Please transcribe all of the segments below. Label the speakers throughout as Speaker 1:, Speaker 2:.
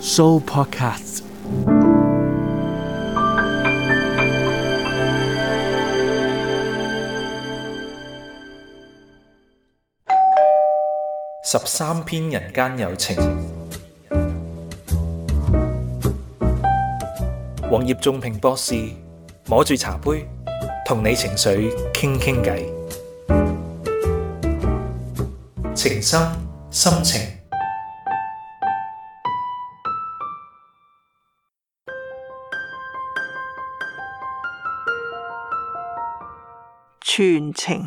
Speaker 1: Show podcast，十三篇人間有情，王業仲平博士摸住茶杯，同你情緒傾傾偈，情深深情。全程，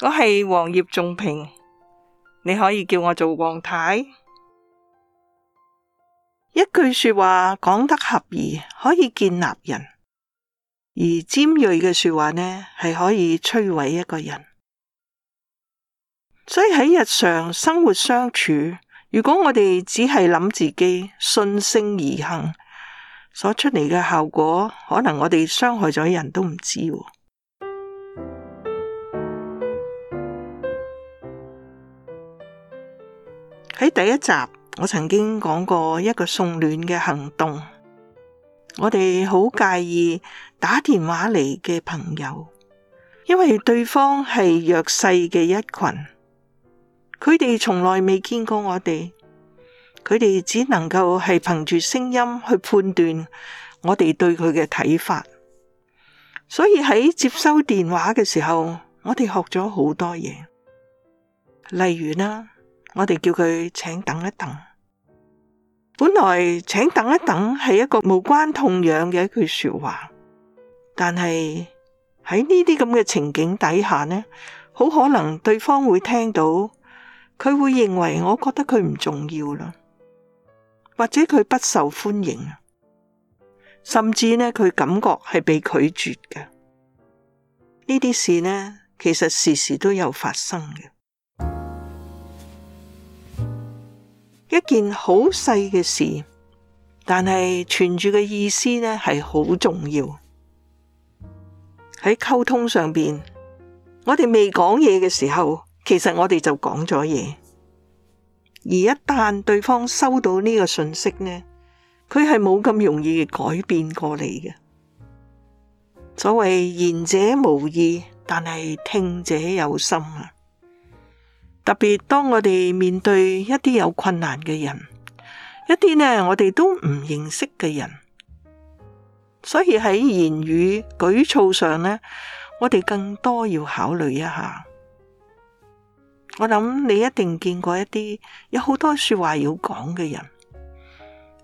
Speaker 1: 我係黃葉仲平，你可以叫我做黃太。一句說話講得合宜，可以建立人；而尖銳嘅說話呢，係可以摧毀一個人。所以喺日常生活相處。如果我哋只係諗自己順性而行，所出嚟嘅效果，可能我哋傷害咗人都唔知喎。喺第一集，我曾經講過一個送暖嘅行動，我哋好介意打電話嚟嘅朋友，因為對方係弱勢嘅一群。佢哋從來未見過我哋，佢哋只能夠係憑住聲音去判斷我哋對佢嘅睇法。所以喺接收電話嘅時候，我哋學咗好多嘢，例如啦，我哋叫佢請等一等。本來請等一等係一個無關痛癢嘅一句說話，但係喺呢啲咁嘅情景底下呢，好可能對方會聽到。佢會認為，我覺得佢唔重要啦，或者佢不受歡迎啊，甚至呢，佢感覺係被拒絕嘅。呢啲事呢，其實時時都有發生嘅。一件好細嘅事，但係存住嘅意思呢，係好重要，喺溝通上邊。我哋未講嘢嘅時候，其實我哋就講咗嘢，而一旦對方收到呢個信息呢，佢係冇咁容易改變過你嘅。所謂言者無意，但係聽者有心啊！特別當我哋面對一啲有困難嘅人，一啲呢我哋都唔認識嘅人，所以喺言語舉措上呢，我哋更多要考慮一下。我諗你一定見過一啲有好多說話要講嘅人，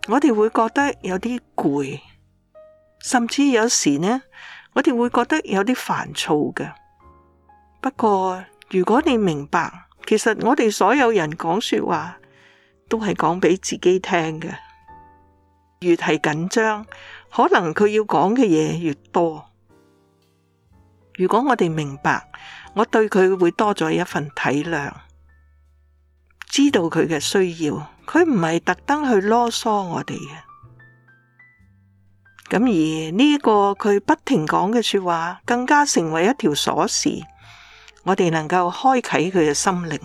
Speaker 1: 我哋會覺得有啲攰，甚至有時呢，我哋會覺得有啲煩躁嘅。不過如果你明白，其實我哋所有人講說話都係講俾自己聽嘅，越係緊張，可能佢要講嘅嘢越多。如果我哋明白。我對佢會多咗一份體諒，知道佢嘅需要，佢唔係特登去囉嗦我哋嘅。咁而呢個佢不停講嘅說話，更加成為一條鎖匙，我哋能夠開啟佢嘅心靈。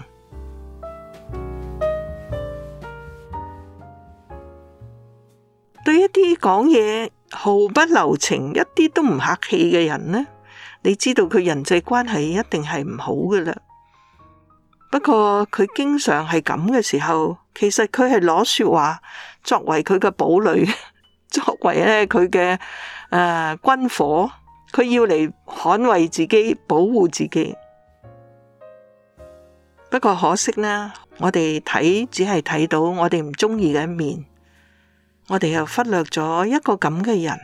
Speaker 1: 對一啲講嘢毫不留情、一啲都唔客氣嘅人呢，你知道佢人際關係一定係唔好嘅啦。不過佢經常係咁嘅時候，其實佢係攞說話作為佢嘅堡壘，作為咧佢嘅誒軍火，佢要嚟捍衛自己、保護自己。不過可惜呢，我哋睇只係睇到我哋唔中意嘅一面，我哋又忽略咗一個咁嘅人，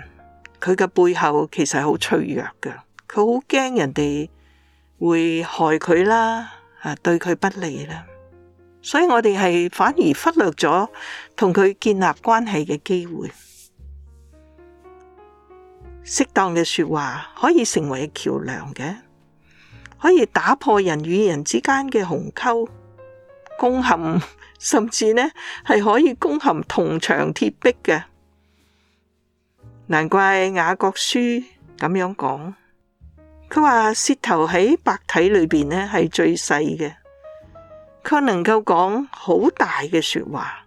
Speaker 1: 佢嘅背後其實好脆弱嘅。佢好驚人哋會害佢啦，啊對佢不利啦，所以我哋係反而忽略咗同佢建立關係嘅機會。適當嘅說話可以成為橋樑嘅，可以打破人與人之間嘅鴻溝、攻陷，甚至呢係可以攻陷銅牆鐵壁嘅。難怪雅各書咁樣講。佢話，舌頭喺白體裏邊咧係最細嘅，佢能夠講好大嘅說話，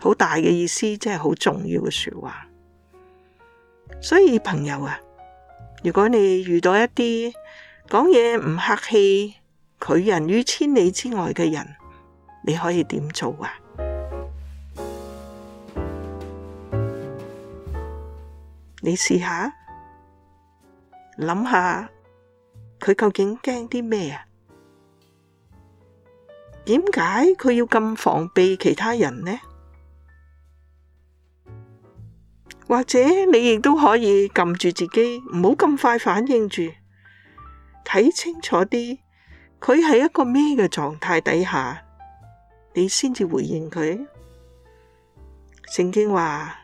Speaker 1: 好大嘅意思，即係好重要嘅說話。所以朋友啊，如果你遇到一啲講嘢唔客氣、拒人於千里之外嘅人，你可以點做啊？你試下諗下。佢究竟驚啲咩啊？點解佢要咁防備其他人呢？或者你亦都可以撳住自己，唔好咁快反應住，睇清楚啲，佢喺一個咩嘅狀態底下，你先至回應佢。聖經話：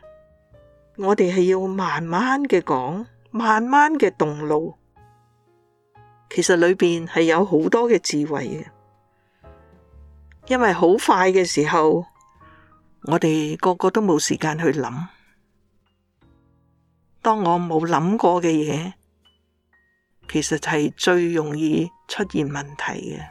Speaker 1: 我哋係要慢慢嘅講，慢慢嘅動怒。其實裏面係有好多嘅智慧嘅，因為好快嘅時候，我哋個個都冇時間去諗。當我冇諗過嘅嘢，其實係最容易出現問題嘅。